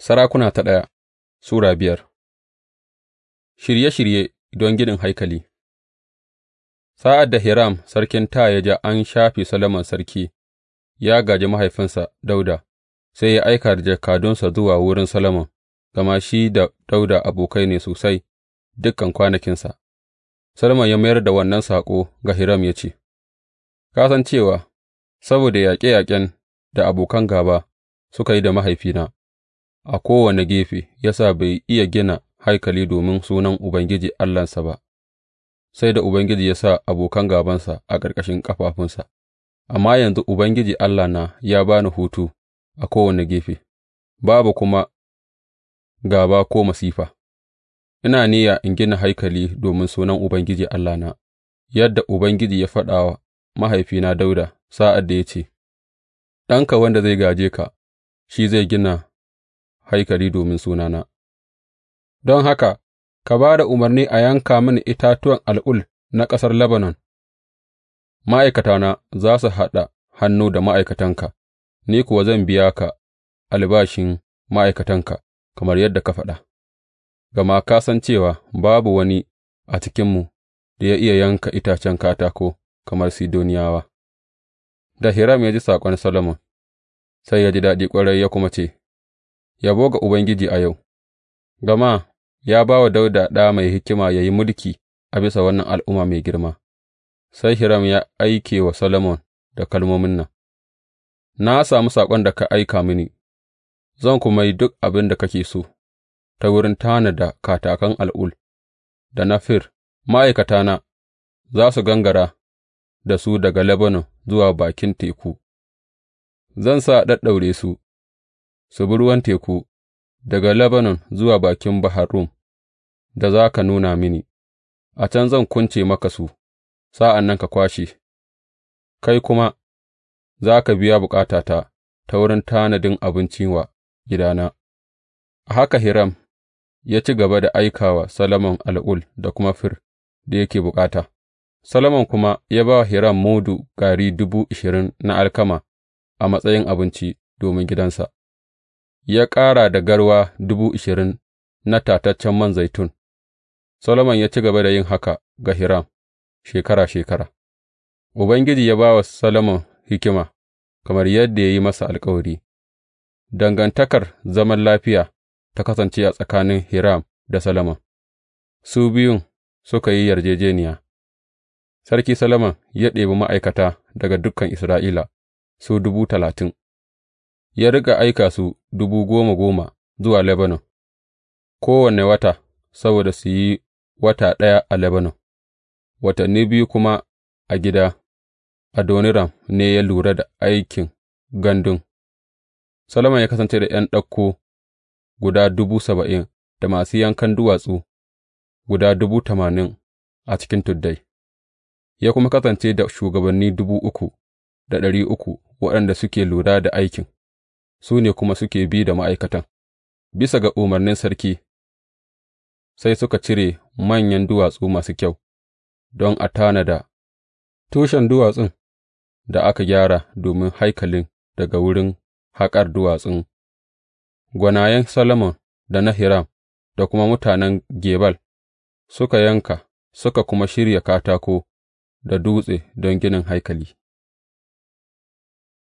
Sarakuna ta ɗaya Sura biyar Shirye shirye don ginin haikali Sa'ad da Hiram sarkin ta ya ja an shafi Salaman sarki ya gaji mahaifinsa Dauda sai ya aika da jakadunsa zuwa wurin Salaman, gama shi da Dauda abokai ne sosai dukkan kwanakinsa. Salaman ya mayar da wannan saƙo ga Hiram ya ce, Ka san cewa saboda yaƙe yaƙen da abokan gaba suka yi da mahaifina. a kowane gefe, ya sa bai iya gina haikali domin Sunan Ubangiji Allahnsa ba, sai da Ubangiji ya sa abokan gabansa a ƙarƙashin ƙafafunsa, amma yanzu Ubangiji Allah na ya ba ni hutu a kowane gefe, babu kuma gaba ko masifa. Ina niyya in gina haikali domin Sunan Ubangiji Allah na. yadda Ubangiji ya faɗa wa mahaifina Dauda sa'ad da ya ce, Ɗanka wanda zai gaje ka, shi zai gina haikali domin Sunana, don haka ka ba da umarni a yanka mini itatuwan al'ul na ƙasar Lebanon, ma'aikatana za su haɗa hannu da ma'aikatanka, ni kuwa zan biya ka albashin ma'aikatanka kamar yadda ka faɗa, gama ka san cewa babu wani a cikinmu da ya iya yanka itacen katako kamar Sidoniyawa. Da Hiram ya ji saƙon Solomon, sai ya ji daɗi ƙwarai ya kuma ce. Yabo ga Ubangiji a yau, gama ya ba wa Dawuda ɗa mai hikima ya yi mulki a bisa wannan al'umma mai girma, sai Hiram ya aike wa Solomon da kalmomin nan, Na sami saƙon da ka aika mini, zan kuma yi duk abin da kake so, ta wurin tanada katakan al'ul da na fir, ma'aikatana za su gangara da su daga Lebanon zuwa bakin teku, zan sa ɗaɗɗaure su. su bi ruwan teku daga Lebanon zuwa bakin Bahar Rum da za ka nuna mini, a can zan kunce maka su, sa'an nan ka kwashe, kai kuma za ka biya bukatata ta wurin tanadin abinci wa gidana. A haka Hiram ya ci gaba da aika wa al'ul da kuma fir da yake bukata, Solomon kuma ya ba wa Hiram mudu gari dubu ishirin na alkama a matsayin abinci domin gidansa. ya ƙara da garwa dubu ashirin na tataccen man zaitun, Solomon ya ci gaba da yin haka ga Hiram shekara shekara. Ubangiji ya ba wa Solomon hikima, kamar yadda ya yi masa alkawari, dangantakar zaman lafiya ta kasance a tsakanin Hiram da Solomon, su biyun suka yi yarjejeniya. Sarki Solomon ya ɗebi ma'aikata daga dukan Isra'ila, su dubu talatin. ya riƙa aika su dubu goma goma zuwa Lebanon kowane wata saboda su yi wata ɗaya a Lebanon, watanni biyu kuma a gida, Adoniram ne ya lura da aikin gandun. Solomon ya kasance da ’yan ɗauko guda dubu saba'in da masu yankan duwatsu guda dubu tamanin a cikin tuddai, ya kuma kasance da shugabanni dubu uku da ɗari uku waɗanda suke lura da aikin. su ne kuma suke bi da ma'aikatan, bisa ga umarnin sarki, sai suka cire manyan duwatsu masu kyau don a tanada tushen duwatsun da aka gyara domin haikalin daga wurin haƙar duwatsun, gwanayen Solomon da na Hiram da kuma mutanen Gebal suka yanka suka kuma shirya katako da dutse don ginin haikali.